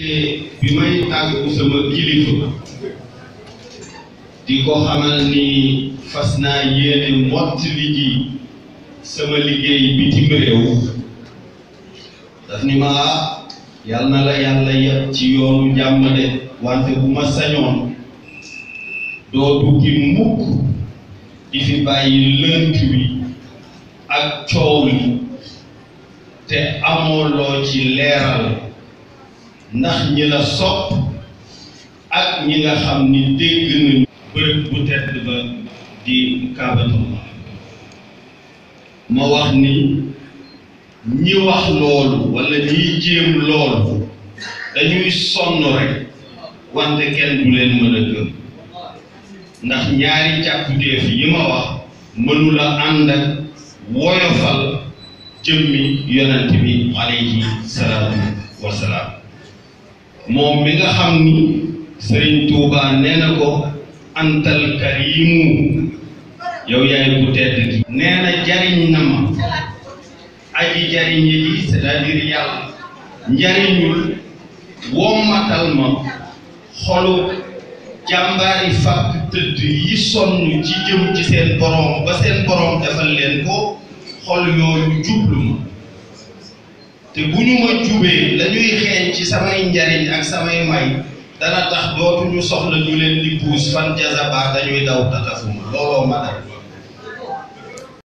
bi may tàggu sama kilifa di ko xamal ni fas naa yéene mott li ji sama liggéey bitim réew daf ni ma ah, yàlla na la yàlla yàpp ci yoonu jàmm de wante bu ma sañoon doo duggi mukk di fi bàyyi lënt wi ak coow li te amooloo ci leeral ndax ñi la sopp ak ñi nga xam ni dégg nañu bërëb bu tedd ba di kaabatullah ma wax ni ñi wax loolu walla ñiy jéem loolu dañuy sonn rekk wante kenn du leen mën a gëm ndax ñaari càkkutéef yi ma wax mënula ànd ak woyofal jëmmi yonent bi alayhi salaatu wasalaam moom mi nga xam ni Sëriñ Tuubaa nee na ko antal karimu yow yaay ku tedd nee na jariñ na ma aji jariñ yi c'est-à-dire yàlla njariñul wommatal ma xolu jàmbaari fàkk tëdd yi sonn ci jëm ci seen boroom ba seen boroom defal leen ko xol yooyu jublu ma te bu ñu ma jubee la ñuy xeeñ ci samay njariñ ak samay may dana tax dootuñu soxla ñu leen di puus fan jazaba dañuy daw tatafuma looloo ma dal